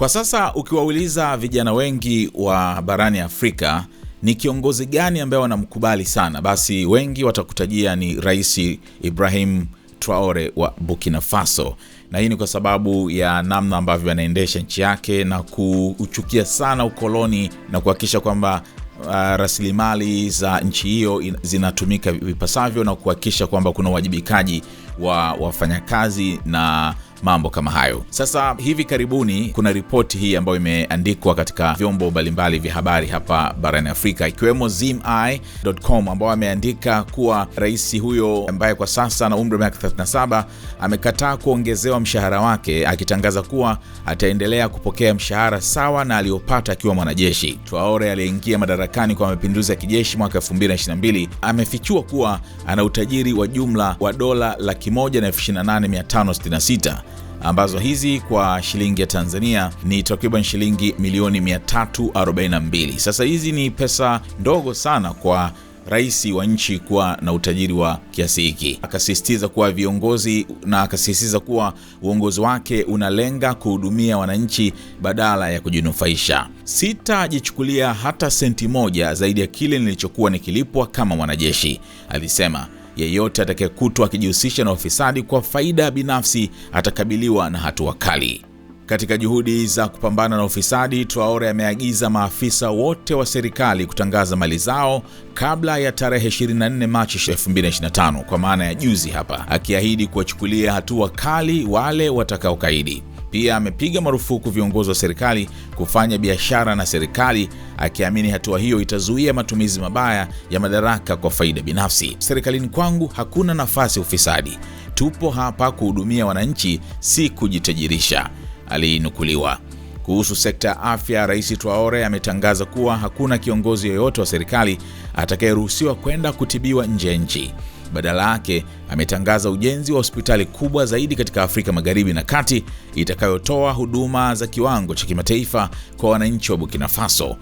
Kwa sasa ukiwauliza vijana wengi wa barani Afrika ni kiongozi gani ambaye wanamkubali sana, basi wengi watakutajia ni Rais Ibrahim Traore wa Burkina Faso, na hii ni kwa sababu ya namna ambavyo anaendesha nchi yake na kuuchukia sana ukoloni na kuhakikisha kwamba uh, rasilimali za nchi hiyo zinatumika vipasavyo na kuhakikisha kwamba kuna uwajibikaji wa wafanyakazi na mambo kama hayo. Sasa hivi karibuni kuna ripoti hii ambayo imeandikwa katika vyombo mbalimbali vya habari hapa barani Afrika, ikiwemo Zimeye.com ambao ameandika kuwa rais huyo ambaye kwa sasa na umri wa miaka 37 amekataa kuongezewa mshahara wake, akitangaza kuwa ataendelea kupokea mshahara sawa na aliyopata akiwa mwanajeshi. twaore aliyeingia madarakani kwa mapinduzi ya kijeshi mwaka 2022 amefichua kuwa ana utajiri wa jumla wa dola 1 na ambazo hizi kwa shilingi ya Tanzania ni takriban shilingi milioni 342. Sasa hizi ni pesa ndogo sana kwa rais wa nchi kuwa na utajiri wa kiasi hiki. Akasisitiza kuwa viongozi na akasisitiza kuwa uongozi wake unalenga kuhudumia wananchi badala ya kujinufaisha. Sitajichukulia hata senti moja zaidi ya kile nilichokuwa nikilipwa kama mwanajeshi, alisema yeyote atakayekutwa akijihusisha na ufisadi kwa faida binafsi atakabiliwa na hatua kali. Katika juhudi za kupambana na ufisadi, Traore ameagiza maafisa wote wa serikali kutangaza mali zao kabla ya tarehe 24 Machi 2025, kwa maana ya juzi hapa, akiahidi kuwachukulia hatua kali wale watakaokaidi. Pia amepiga marufuku viongozi wa serikali kufanya biashara na serikali, akiamini hatua hiyo itazuia matumizi mabaya ya madaraka kwa faida binafsi. Serikalini kwangu hakuna nafasi ya ufisadi, tupo hapa kuhudumia wananchi, si kujitajirisha, aliinukuliwa. Kuhusu sekta ya afya, Rais Traore ametangaza kuwa hakuna kiongozi yoyote wa serikali atakayeruhusiwa kwenda kutibiwa nje ya nchi. Badala yake ametangaza ujenzi wa hospitali kubwa zaidi katika Afrika Magharibi na Kati itakayotoa huduma za kiwango cha kimataifa kwa wananchi wa Burkina Faso.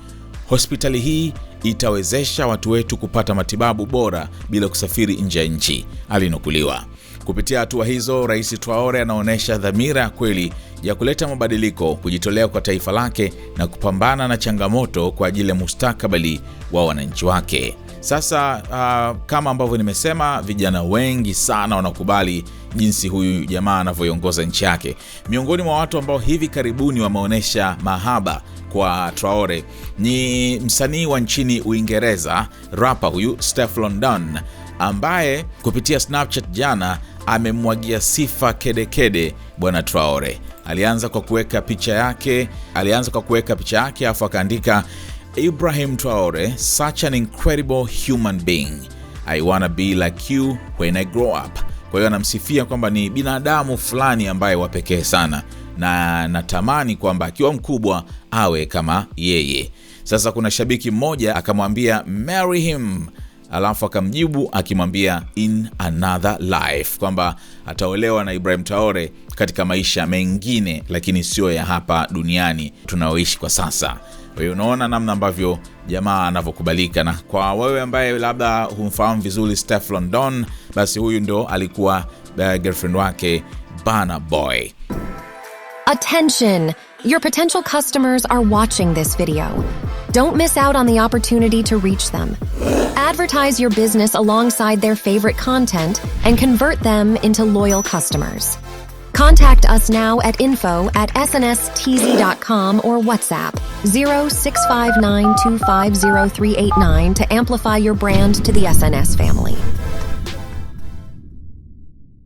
Hospitali hii itawezesha watu wetu kupata matibabu bora bila kusafiri nje ya nchi, alinukuliwa. Kupitia hatua hizo, Rais Traore anaonyesha dhamira ya kweli ya kuleta mabadiliko, kujitolea kwa taifa lake na kupambana na changamoto kwa ajili ya mustakabali wa wananchi wake. Sasa uh, kama ambavyo nimesema, vijana wengi sana wanakubali jinsi huyu jamaa anavyoiongoza nchi yake. Miongoni mwa watu ambao hivi karibuni wameonyesha mahaba kwa Traore ni msanii wa nchini Uingereza, rapa huyu Stefflon Don ambaye kupitia Snapchat jana amemwagia sifa kedekede bwana Traore. Alianza kwa kuweka picha yake, alianza kwa kuweka picha yake afu akaandika Ibrahim Traore, such an incredible human being. I wanna be like you when I grow up. Kwa hiyo anamsifia kwamba ni binadamu fulani ambaye wa pekee sana na natamani kwamba akiwa mkubwa awe kama yeye. Sasa kuna shabiki mmoja akamwambia marry him alafu akamjibu akimwambia in another life, kwamba ataolewa na Ibrahim taore katika maisha mengine, lakini sio ya hapa duniani tunaoishi kwa sasa. Kwa hiyo unaona namna ambavyo jamaa anavyokubalika, na kwa wewe ambaye labda humfahamu vizuri Stefflon Don, basi huyu ndo alikuwa uh, girlfriend wake bana Boy. Attention, your potential customers are watching this video. Don't miss out on the opportunity to reach them. Advertise your business alongside their favorite content and convert them into loyal customers. Contact us now at info at snstz.com or WhatsApp 0659250389 to amplify your brand to the SNS family.